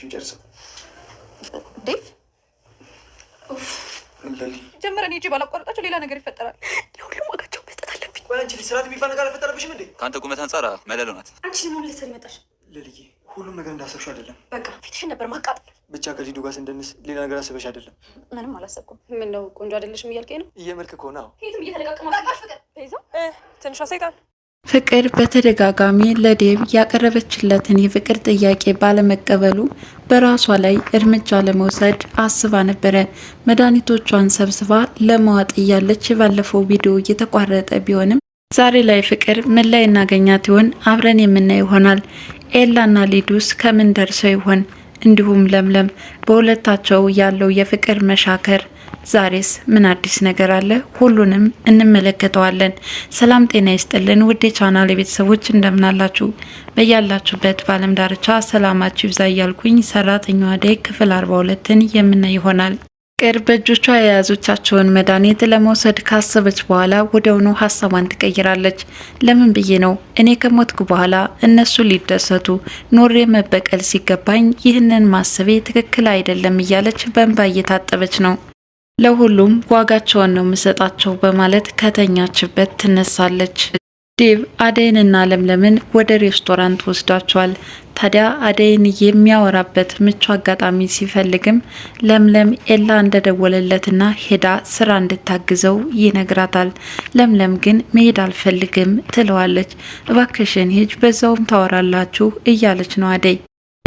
ነገርሽን ጨርሰው ዴቭ ጀመረን ሄጄ ባላቋረጣቸው ሌላ ነገር ይፈጠራል። የሁሉም ዋጋቸው መስጠት አለብኝ። አንቺ ስራት የሚባል ነገር አልፈጠረብሽም እንዴ? ከአንተ ቁመት አንጻር መለሎ ናት። አንቺ ደግሞ ምን ልትሰሪ መጣሽ? ልልዬ ሁሉም ነገር እንዳሰብሽ አይደለም። በቃ ፊትሽን ነበር ማቃጠል። ብቻ ከሊዱ ጋር ስንደንስ ሌላ ነገር አስበሽ አይደለም? ምንም አላሰብኩም። ምን ነው ቆንጆ አይደለሽም እያልከኝ ነው? እየመልክ ከሆነ አዎ፣ ፊትም እየተለቃቀማ ፍቅር ይዘው ትንሿ ሰይጣን ፍቅር በተደጋጋሚ ለዴብ ያቀረበችለትን የፍቅር ጥያቄ ባለመቀበሉ በራሷ ላይ እርምጃ ለመውሰድ አስባ ነበረ። መድኃኒቶቿን ሰብስባ ለመዋጥ እያለች ባለፈው ቪዲዮ እየተቋረጠ ቢሆንም ዛሬ ላይ ፍቅር ምን ላይ እናገኛት ይሆን? አብረን የምናይ ይሆናል። ኤላና ሊዱስ ከምን ደርሰው ይሆን? እንዲሁም ለምለም በሁለታቸው ያለው የፍቅር መሻከር ዛሬስ ምን አዲስ ነገር አለ? ሁሉንም እንመለከተዋለን። ሰላም ጤና ይስጥልን ውድ የቻናል የቤተሰቦች እንደምናላችሁ በያላችሁበት በአለም ዳርቻ ሰላማችሁ ይብዛ እያልኩኝ ሰራተኛዋ አደይ ክፍል አርባ ሁለትን የምናይ ይሆናል። ፍቅር በእጆቿ የያዞቻቸውን መድኃኒት ለመውሰድ ካሰበች በኋላ ወደውኑ ሀሳቧን ትቀይራለች። ለምን ብዬ ነው እኔ ከሞትኩ በኋላ እነሱ ሊደሰቱ ኖሬ መበቀል ሲገባኝ ይህንን ማሰቤ ትክክል አይደለም እያለች በእንባ እየታጠበች ነው። ለሁሉም ዋጋቸውን ነው የምሰጣቸው በማለት ከተኛችበት ትነሳለች። ዴቭ አደይንና ለምለምን ወደ ሬስቶራንት ወስዷቸዋል። ታዲያ አደይን የሚያወራበት ምቹ አጋጣሚ ሲፈልግም ለምለም ኤላ እንደደወለለትና ሄዳ ስራ እንድታግዘው ይነግራታል። ለምለም ግን መሄድ አልፈልግም ትለዋለች። እባክሽን ሂጅ፣ በዛውም ታወራላችሁ እያለች ነው አደይ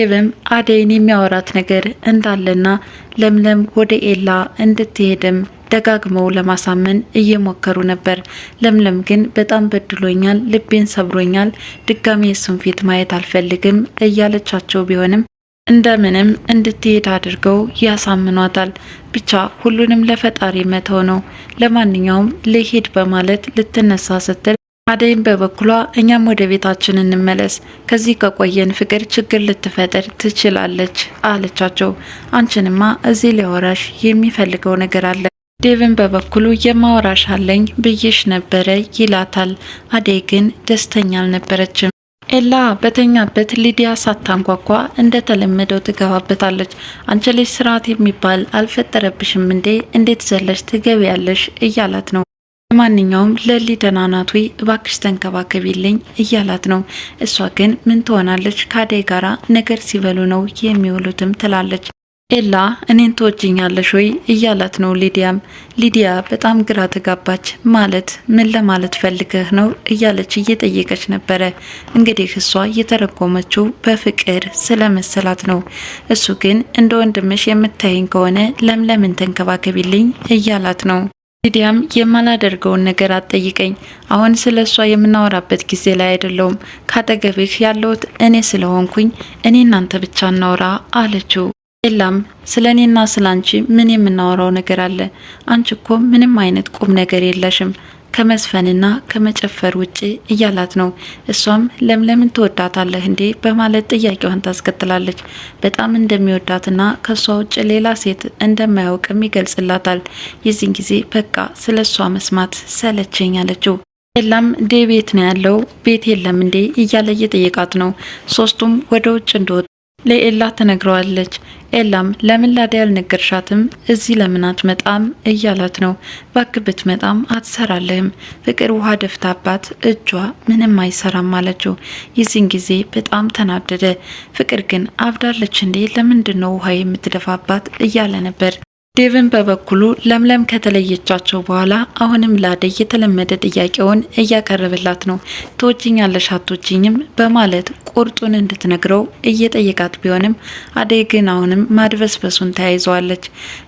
ዴቭም አደይን የሚያወራት ነገር እንዳለና ለምለም ወደ ኤላ እንድትሄድም ደጋግመው ለማሳመን እየሞከሩ ነበር። ለምለም ግን በጣም በድሎኛል፣ ልቤን ሰብሮኛል፣ ድጋሚ የሱን ፊት ማየት አልፈልግም እያለቻቸው ቢሆንም እንደምንም እንድትሄድ አድርገው ያሳምኗታል። ብቻ ሁሉንም ለፈጣሪ መተው ነው። ለማንኛውም ለሄድ በማለት ልትነሳ ስትል አደይም በበኩሏ እኛም ወደ ቤታችን እንመለስ፣ ከዚህ ከቆየን ፍቅር ችግር ልትፈጥር ትችላለች አለቻቸው። አንቺንማ እዚህ ሊያወራሽ የሚፈልገው ነገር አለ። ዴቭን በበኩሉ የማወራሽ አለኝ ብዬሽ ነበረ ይላታል። አደይ ግን ደስተኛ አልነበረችም። ኤላ በተኛበት ሊዲያ ሳታንኳኳ እንደተለመደው ትገባበታለች። አንቺ ልጅ ስርዓት የሚባል አልፈጠረብሽም እንዴ? እንዴት ዘለሽ ትገቢያለሽ? እያላት ነው ማንኛውም ለሊ ደህና ናት ወይ እባክሽ ተንከባከቢልኝ እያላት ነው። እሷ ግን ምን ትሆናለች ከአደይ ጋራ ነገር ሲበሉ ነው የሚውሉትም ትላለች። ኤላ እኔን ትወጅኛለሽ ወይ እያላት ነው። ሊዲያም ሊዲያ በጣም ግራ ተጋባች። ማለት ምን ለማለት ፈልገህ ነው እያለች እየጠየቀች ነበረ። እንግዲህ እሷ እየተረጎመችው በፍቅር ስለመሰላት ነው። እሱ ግን እንደ ወንድምሽ የምታየኝ ከሆነ ለምለምን ተንከባከቢልኝ እያላት ነው። ሊዲያም የማላደርገውን ነገር አትጠይቀኝ። አሁን ስለ እሷ የምናወራበት ጊዜ ላይ አይደለውም። ካጠገብህ ያለሁት እኔ ስለሆንኩኝ እኔ እናንተ ብቻ እናውራ አለችው። ኤላም ስለ እኔና ስለ አንቺ ምን የምናወራው ነገር አለ? አንቺ እኮ ምንም አይነት ቁም ነገር የለሽም። ከመዝፈንና ከመጨፈር ውጪ እያላት ነው። እሷም ለምለምን ትወዳታለህ እንዴ በማለት ጥያቄዋን ታስከትላለች። በጣም እንደሚወዳትና ከእሷ ውጭ ሌላ ሴት እንደማያውቅም ይገልጽላታል። የዚህን ጊዜ በቃ ስለ እሷ መስማት ሰለቸኝ አለችው። የላም ዴ ቤት ነው ያለው ቤት የለም እንዴ እያለ እየጠየቃት ነው። ሶስቱም ወደ ውጭ እንደወጡ ለኤላ ተነግረዋለች። ኤላም ለምን ላዲያ አልነገርሻትም? እዚህ ለምን አትመጣም? እያላት ነው። ባክ ብትመጣም አትሰራለህም። ፍቅር ውሃ ደፍታባት እጇ ምንም አይሰራም አለችው። የዚህን ጊዜ በጣም ተናደደ። ፍቅር ግን አብዳለች እንዴ? ለምንድን ነው ውሃ የምትደፋባት? እያለ ነበር ዴቭን በበኩሉ ለምለም ከተለየቻቸው በኋላ አሁንም ለአደይ የተለመደ ጥያቄውን እያቀረበላት ነው። ትወጂኛለሽ አትወጂኝም በማለት ቁርጡን እንድትነግረው እየጠየቃት ቢሆንም አደይ ግን አሁንም ማድበስበሱን ተያይዘዋለች።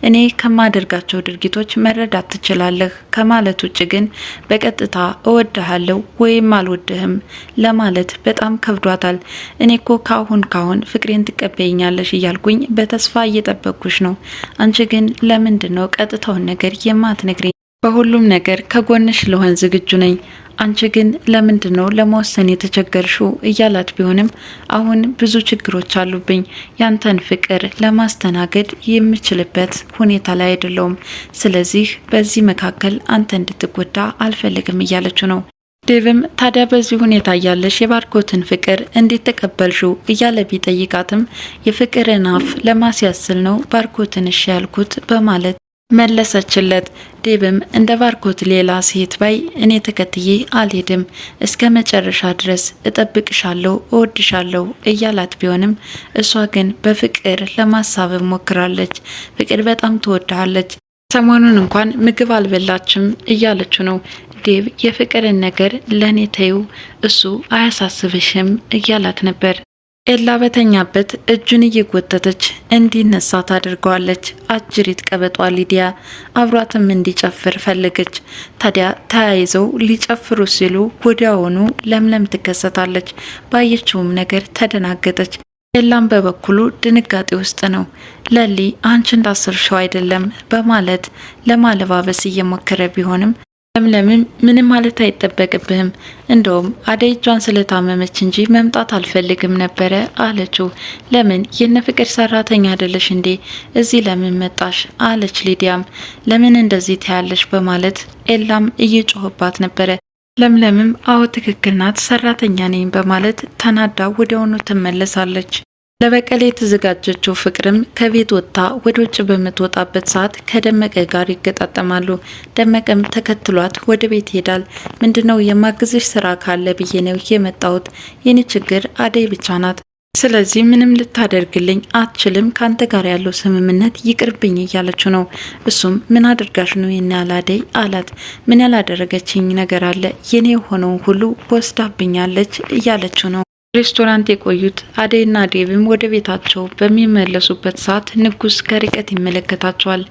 እኔ ከማደርጋቸው ድርጊቶች መረዳት ትችላለህ ከማለት ውጭ ግን በቀጥታ እወድሃለሁ ወይም አልወድህም ለማለት በጣም ከብዷታል። እኔ እኮ ካሁን ካሁን ፍቅሬን ትቀበይኛለሽ እያልኩኝ በተስፋ እየጠበኩሽ ነው አንቺ ግን ለምንድን ነው ቀጥታውን ነገር የማትነግሪኝ? በሁሉም ነገር ከጎንሽ ለሆን ዝግጁ ነኝ። አንቺ ግን ለምንድን ነው ለመወሰን የተቸገርሹ? እያላት ቢሆንም አሁን ብዙ ችግሮች አሉብኝ፣ ያንተን ፍቅር ለማስተናገድ የምችልበት ሁኔታ ላይ አይደለውም። ስለዚህ በዚህ መካከል አንተ እንድትጎዳ አልፈልግም እያለችው ነው። ዴቭም ታዲያ በዚህ ሁኔታ እያለሽ የባርኮትን ፍቅር እንዴት ተቀበልሽው እያለ ቢጠይቃትም የፍቅርን አፍ ለማስያስል ነው ባርኮትን እሺ ያልኩት በማለት መለሰችለት። ዴብም እንደ ባርኮት ሌላ ሴት ባይ እኔ ተከትዬ አልሄድም፣ እስከ መጨረሻ ድረስ እጠብቅሻለሁ፣ እወድሻለሁ እያላት ቢሆንም እሷ ግን በፍቅር ለማሳበብ ሞክራለች። ፍቅር በጣም ትወድሃለች፣ ሰሞኑን እንኳን ምግብ አልበላችም እያለች ነው። ዴብ የፍቅርን ነገር ለእኔ ተይው፣ እሱ አያሳስብሽም እያላት ነበር። ኤላ በተኛበት እጁን እየጎተተች እንዲነሳ ታደርገዋለች። አጅሪት ቀበጧ ሊዲያ አብሯትም እንዲጨፍር ፈለገች። ታዲያ ተያይዘው ሊጨፍሩ ሲሉ ወዲያውኑ ለምለም ትከሰታለች። ባየችውም ነገር ተደናገጠች። ኤላም በበኩሉ ድንጋጤ ውስጥ ነው። ለሊ አንቺ እንዳሰብሽው አይደለም በማለት ለማለባበስ እየሞከረ ቢሆንም ለምለምም ምንም ማለት አይጠበቅብህም፣ እንደውም አደይ እጇን ስለታመመች እንጂ መምጣት አልፈልግም ነበረ አለችው። ለምን የነ ፍቅር ሰራተኛ አይደለሽ እንዴ? እዚህ ለምን መጣሽ? አለች ሊዲያም። ለምን እንደዚህ ትያለሽ? በማለት ኤላም እየጮኸባት ነበረ። ለምለምም አዎ ትክክል ናት፣ ሰራተኛ ነኝ በማለት ተናዳ ወዲያውኑ ትመለሳለች። ለበቀል የተዘጋጀችው ፍቅርም ከቤት ወጥታ ወደ ውጭ በምትወጣበት ሰዓት ከደመቀ ጋር ይገጣጠማሉ። ደመቀም ተከትሏት ወደ ቤት ይሄዳል። ምንድነው የማግዝሽ ስራ ካለ ብዬ ነው የመጣሁት። የኔ ችግር አደይ ብቻ ናት። ስለዚህ ምንም ልታደርግልኝ አትችልም። ከአንተ ጋር ያለው ስምምነት ይቅርብኝ እያለችው ነው። እሱም ምን አድርጋሽ ነው ይህን ያላደይ አደይ አላት። ምን ያላደረገችኝ ነገር አለ? የኔ የሆነውን ሁሉ ወስዳብኛለች እያለችው ነው ሬስቶራንት የቆዩት አደይና ዴቭም ወደ ቤታቸው በሚመለሱበት ሰዓት ንጉስ ከርቀት ይመለከታቸዋል።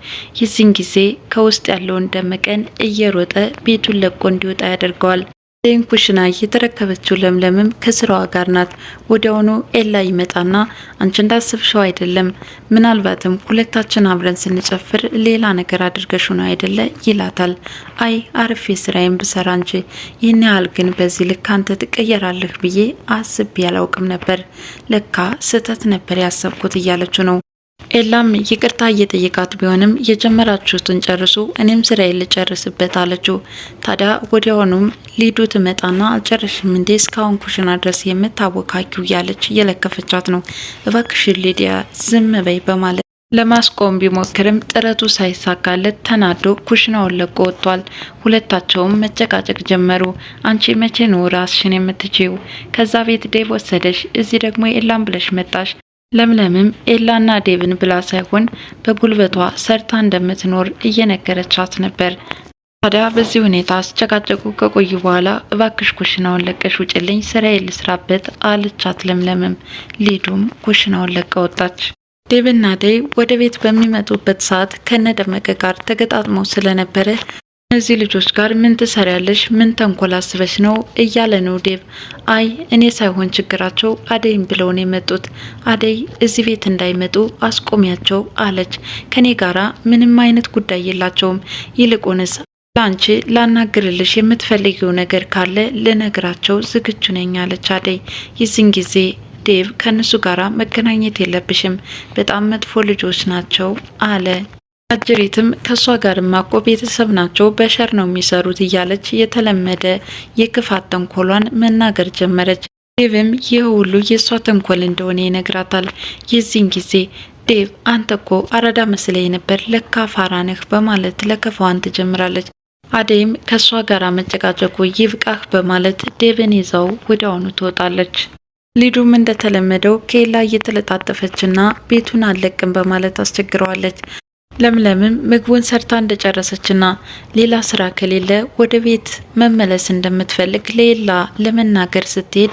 የዚህን ጊዜ ከውስጥ ያለውን ደመቀን እየሮጠ ቤቱን ለቆ እንዲወጣ ያደርገዋል። ይህን ኩሽና የተረከበችው ለምለምም ከስራዋ ጋር ናት። ወዲያውኑ ኤላ ይመጣና አንቺ እንዳስብሽው አይደለም፣ ምናልባትም ሁለታችን አብረን ስንጨፍር ሌላ ነገር አድርገሽው ነው አይደለ? ይላታል። አይ አርፌ ስራዬን ብሰራ እንጂ ይህን ያህል ግን በዚህ ልክ አንተ ትቀየራለህ ብዬ አስቤ ያላውቅም ነበር፣ ለካ ስህተት ነበር ያሰብኩት እያለችው ነው ኤላም ይቅርታ እየጠየቃት ቢሆንም የጀመራችሁትን ጨርሱ፣ እኔም ስራዬን ልጨርስበት አለችው። ታዲያ ወዲያውኑም ሊዱ ትመጣና አልጨረሽም እንዴ እስካሁን ኩሽና ድረስ የምታወካኪው እያለች እየለከፈቻት ነው። እባክሽን ሊዲያ ዝም በይ በማለት ለማስቆም ቢሞክርም ጥረቱ ሳይሳካለት ተናዶ ኩሽናውን ለቆ ወጥቷል። ሁለታቸውም መጨቃጨቅ ጀመሩ። አንቺ መቼ ነው ራስሽን የምትችይው? ከዛ ቤት ዴቭ ወሰደሽ፣ እዚህ ደግሞ የላም ብለሽ መጣሽ ለምለምም ኤላና ዴብን ብላ ሳይሆን በጉልበቷ ሰርታ እንደምትኖር እየነገረቻት ነበር። ታዲያ በዚህ ሁኔታ አስጨቃጨቁ ከቆዩ በኋላ እባክሽ ኩሽናውን ለቀሽ ውጭልኝ፣ ስራ የልስራበት አለቻት። ለምለምም ሊዱም ኩሽናውን ለቀ ወጣች። ዴብና ዴይ ወደ ቤት በሚመጡበት ሰዓት ከነ ደመቀ ጋር ተገጣጥመው ስለነበረ እነዚህ ልጆች ጋር ምን ትሰሪያለሽ? ምን ተንኮል አስበሽ ነው? እያለ ነው ዴብ። አይ እኔ ሳይሆን ችግራቸው አደይም ብለው ነው የመጡት። አደይ እዚህ ቤት እንዳይመጡ አስቆሚያቸው አለች። ከኔ ጋራ ምንም አይነት ጉዳይ የላቸውም። ይልቁንስ ለአንቺ ላናግርልሽ የምትፈልጊው ነገር ካለ ልነግራቸው ዝግጁ ነኝ አለች አደይ። ይዝን ጊዜ ዴቭ ከእነሱ ጋራ መገናኘት የለብሽም፣ በጣም መጥፎ ልጆች ናቸው አለ። አጅሬትም ከእሷ ጋር ማቆ ቤተሰብ ናቸው በሸር ነው የሚሰሩት እያለች የተለመደ የክፋት ተንኮሏን መናገር ጀመረች። ዴቭም ይህ ሁሉ የእሷ ተንኮል እንደሆነ ይነግራታል። የዚህን ጊዜ ዴቭ አንተ እኮ አራዳ መስለኝ ነበር ለካ ፋራ ነህ በማለት ለከፋዋን ትጀምራለች። አደይም ከእሷ ጋር መጨቃጨቁ ይብቃህ በማለት ዴቭን ይዛው ወደ ትወጣለች። ሊዱም እንደተለመደው ኬላ እየተለጣጠፈችና ቤቱን አለቅም በማለት አስቸግረዋለች። ለምለምም ምግቡን ሰርታ እንደጨረሰችና ሌላ ስራ ከሌለ ወደ ቤት መመለስ እንደምትፈልግ ሌላ ለመናገር ስትሄድ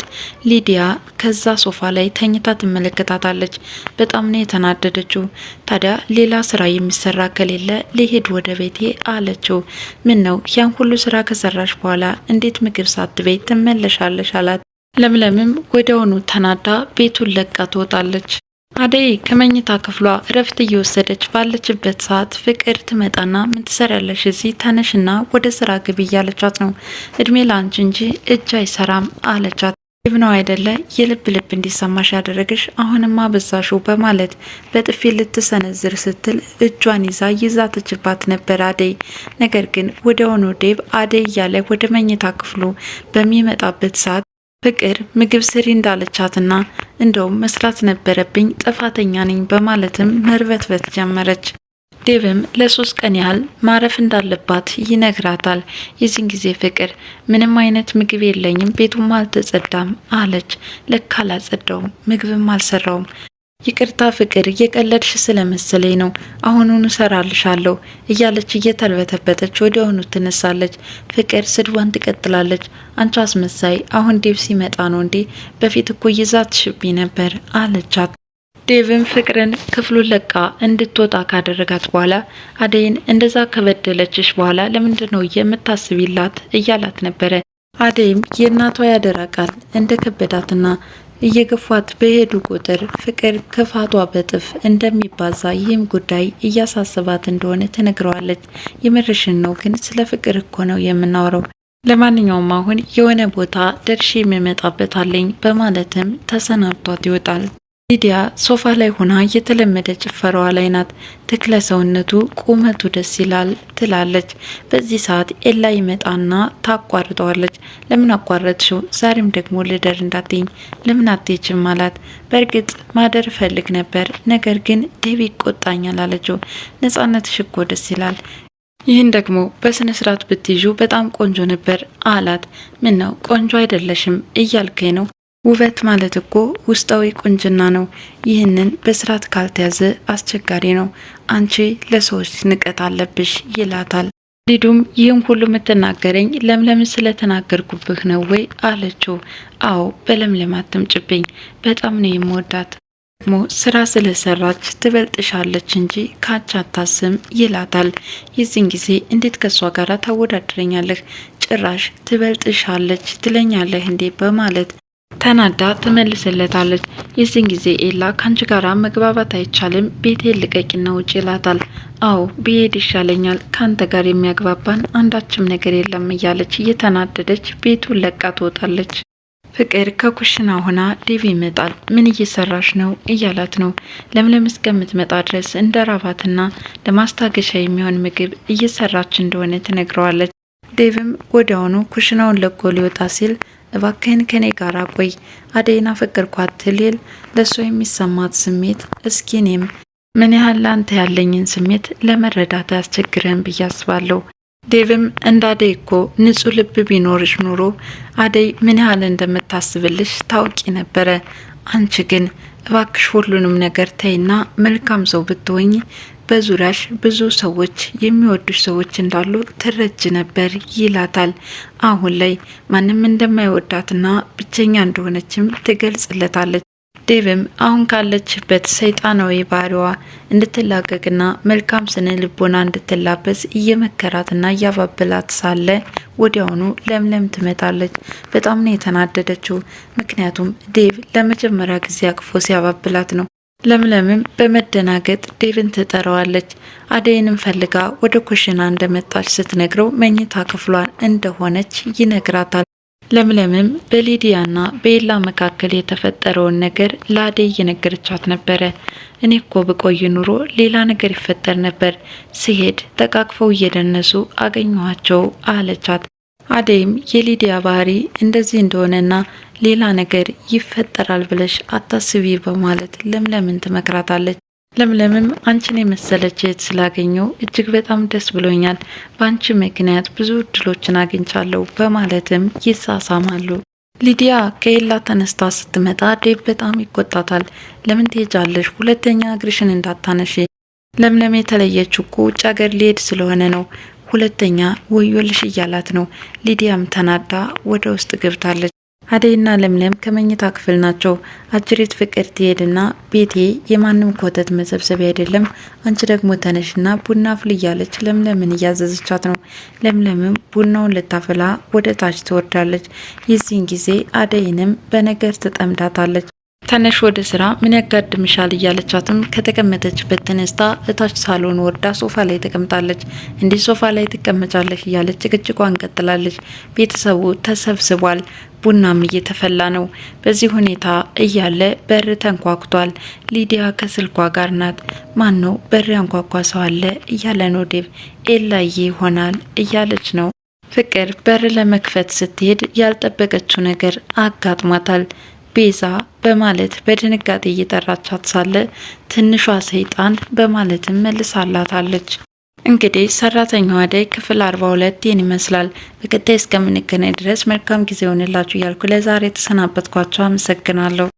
ሊዲያ ከዛ ሶፋ ላይ ተኝታ ትመለከታታለች። በጣም ነው የተናደደችው። ታዲያ ሌላ ስራ የሚሰራ ከሌለ ሊሄድ ወደ ቤቴ አለችው። ምን ነው ያን ሁሉ ስራ ከሰራሽ በኋላ እንዴት ምግብ ሳትበይ ትመለሻለሽ? አላት። ለምለምም ወዲያውኑ ተናዳ ቤቱን ለቃ ትወጣለች። አደይ ከመኝታ ክፍሏ እረፍት እየወሰደች ባለችበት ሰዓት ፍቅር ትመጣና ምን ትሰሪያለሽ እዚህ ተነሽና ወደ ስራ ግቢ እያለቻት ነው። እድሜ ለአንቺ እንጂ እጅ አይሰራም አለቻት። ይብነው አይደለ የልብ ልብ እንዲሰማሽ ያደረግሽ አሁንማ በዛሹ በማለት በጥፊ ልትሰነዝር ስትል እጇን ይዛ ይዛተችባት ነበር አደይ። ነገር ግን ወዲያውኑ ዴብ አደይ እያለ ወደ መኝታ ክፍሉ በሚመጣበት ሰዓት ፍቅር ምግብ ስሪ እንዳለቻትና እንደውም መስራት ነበረብኝ ጥፋተኛ ነኝ በማለትም መርበትበት ጀመረች። ዴብም ለሶስት ቀን ያህል ማረፍ እንዳለባት ይነግራታል። የዚህን ጊዜ ፍቅር ምንም አይነት ምግብ የለኝም፣ ቤቱም አልተጸዳም አለች። ለካ አላጸዳውም፣ ምግብም አልሰራውም፣ ይቅርታ ፍቅር እየቀለድሽ ስለመሰለኝ ነው፣ አሁኑን እሰራልሻለሁ እያለች እየተልበተበተች ወዲያውኑ ትነሳለች። ፍቅር ስድቧን ትቀጥላለች። አንቺ አስመሳይ፣ አሁን ዴብ ሲመጣ ነው እንዴ? በፊት እኮ ይዛት ሽቢ ነበር አለቻት። ዴቭን ፍቅርን ክፍሉን ለቃ እንድትወጣ ካደረጋት በኋላ አደይን እንደዛ ከበደለችሽ በኋላ ለምንድን ነው የምታስቢላት እያላት ነበረ። አደይም የእናቷ ያደራ ቃል እንደ ከበዳትና እየገፏት በሄዱ ቁጥር ፍቅር ክፋቷ በጥፍ እንደሚባዛ ይህም ጉዳይ እያሳሰባት እንደሆነ ትነግረዋለች። የምርሽን ነው ግን ስለ ፍቅር እኮ ነው የምናወረው ለማንኛውም አሁን የሆነ ቦታ ደርሼ የምመጣበት አለኝ በማለትም ተሰናብቷት ይወጣል። ሊዲያ ሶፋ ላይ ሆና የተለመደ ጭፈራዋ ላይ ናት። ትክለ ሰውነቱ ቁመቱ ደስ ይላል ትላለች። በዚህ ሰዓት ኤላ ይመጣና ታቋርጠዋለች። ለምን አቋረጥሽው? ዛሬም ደግሞ ልደር እንዳትኝ ለምን አትችም አላት። በእርግጥ ማደር ፈልግ ነበር፣ ነገር ግን ዴቢ ይቆጣኛል አለችው። ነጻነትሽ እኮ ደስ ይላል ይህን ደግሞ በስነ ስርዓት ብትይዡ በጣም ቆንጆ ነበር አላት። ምን ነው ቆንጆ አይደለሽም እያልከኝ ነው? ውበት ማለት እኮ ውስጣዊ ቁንጅና ነው። ይህንን በስርዓት ካልተያዘ አስቸጋሪ ነው። አንቺ ለሰዎች ንቀት አለብሽ ይላታል። ሊዱም ይህም ሁሉ የምትናገረኝ ለምለም ስለተናገርኩብህ ነው ወይ አለችው። አዎ በለምለም አትምጭብኝ፣ በጣም ነው የምወዳት። ደግሞ ስራ ስለሰራች ትበልጥሻለች እንጂ ካንቺ አታስም ይላታል። የዚህን ጊዜ እንዴት ከእሷ ጋር ታወዳድረኛለህ? ጭራሽ ትበልጥሻለች ትለኛለህ እንዴ? በማለት ተናዳ ትመልስለታለች። የዚህን ጊዜ ኤላ ከአንቺ ጋር መግባባት አይቻልም፣ ቤቴ ልቀቂና ውጭ ይላታል። አዎ ብሄድ ይሻለኛል፣ ከአንተ ጋር የሚያግባባን አንዳችም ነገር የለም እያለች እየተናደደች ቤቱን ለቃ ትወጣለች። ፍቅር ከኩሽና ሆና ዴቪ ይመጣል። ምን እየሰራሽ ነው እያላት ነው። ለምለም እስከምትመጣ ድረስ እንደ ራባትና ለማስታገሻ የሚሆን ምግብ እየሰራች እንደሆነ ትነግረዋለች። ዴቭም ወዲያውኑ ኩሽናውን ለቆ ሊወጣ ሲል እባክህን ከኔ ጋር ቆይ አደይን አፈቅርኳት ትልል ለእሷ የሚሰማት ስሜት እስኪ እኔም ምን ያህል ለአንተ ያለኝን ስሜት ለመረዳት አያስቸግርህም ብዬ አስባለሁ። ዴቭም እንደ አደይ እኮ ንጹሕ ልብ ቢኖርሽ ኑሮ አደይ ምን ያህል እንደምታስብልሽ ታውቂ ነበረ። አንቺ ግን እባክሽ ሁሉንም ነገር ተይና መልካም ሰው ብትወኝ በዙሪያሽ ብዙ ሰዎች የሚወዱሽ ሰዎች እንዳሉ ትረጅ ነበር ይላታል። አሁን ላይ ማንም እንደማይወዳትና ብቸኛ እንደሆነችም ትገልጽለታለች። ዴቭም አሁን ካለችበት ሰይጣናዊ ባህሪዋ እንድትላቀቅና መልካም ስነ ልቦና እንድትላበስ እየመከራትና እያባበላት ሳለ ወዲያውኑ ለምለም ትመጣለች። በጣም ነው የተናደደችው። ምክንያቱም ዴቭ ለመጀመሪያ ጊዜ አቅፎ ሲያባብላት ነው። ለምለምም በመደናገጥ ዴቭን ትጠራዋለች። አደይንም ፈልጋ ወደ ኩሽና እንደመጣች ስትነግረው መኝታ ክፍሏን እንደሆነች ይነግራታል። ለምለምም በሊዲያና በኤላ መካከል የተፈጠረውን ነገር ለአደይ እየነገረቻት ነበረ። እኔ እኮ ብቆይ ኑሮ ሌላ ነገር ይፈጠር ነበር፣ ሲሄድ ተቃቅፈው እየደነሱ አገኘኋቸው አለቻት። አደይም የሊዲያ ባህሪ እንደዚህ እንደሆነና ሌላ ነገር ይፈጠራል ብለሽ አታስቢ በማለት ለምለምን ትመክራታለች። ለምለምም አንቺን የመሰለች እህት ስላገኘው እጅግ በጣም ደስ ብሎኛል፣ በአንቺ ምክንያት ብዙ እድሎችን አግኝቻለሁ በማለትም ይሳሳማሉ። ሊዲያ ከኤላ ተነስታ ስትመጣ ዴብ በጣም ይቆጣታል። ለምን ትሄጃለሽ? ሁለተኛ እግርሽን እንዳታነሽ። ለምለም የተለየች እኮ ውጭ ሀገር ሊሄድ ስለሆነ ነው ሁለተኛ ወዮልሽ እያላት ነው። ሊዲያም ተናዳ ወደ ውስጥ ገብታለች። አደይና ለምለም ከመኝታ ክፍል ናቸው። አጅሬት ፍቅር ትሄድና ቤቴ የማንም ኮተት መሰብሰቢያ አይደለም፣ አንቺ ደግሞ ተነሽና ቡና አፍል እያለች ለምለምን እያዘዘቻት ነው። ለምለምም ቡናውን ልታፈላ ወደ ታች ትወርዳለች። የዚህን ጊዜ አደይንም በነገር ትጠምዳታለች። ተነሽ ወደ ስራ ምን ያጋድምሻል እያለቻትም ከተቀመጠችበት ተነስታ እታች ሳሎን ወርዳ ሶፋ ላይ ተቀምጣለች። እንዲህ ሶፋ ላይ ትቀመጫለሽ እያለች ጭቅጭቋን ቀጥላለች። ቤተሰቡ ተሰብስቧል። ቡናም እየተፈላ ነው። በዚህ ሁኔታ እያለ በር ተንኳኩቷል። ሊዲያ ከስልኳ ጋር ናት። ማን ነው በር ያንኳኳ ሰው አለ እያለ ነው ዴቭ። ኤላዬ ይሆናል እያለች ነው ፍቅር። በር ለመክፈት ስትሄድ ያልጠበቀችው ነገር አጋጥሟታል። ቤዛ በማለት በድንጋጤ እየጠራቻት ሳለ ትንሿ ሰይጣን በማለትም መልሳላታለች። እንግዲህ ሰራተኛዋ አደይ ክፍል አርባ ሁለት ይህን ይመስላል። በቀጣይ እስከምንገናኝ ድረስ መልካም ጊዜ ሆንላችሁ እያልኩ ለዛሬ የተሰናበትኳቸው አመሰግናለሁ።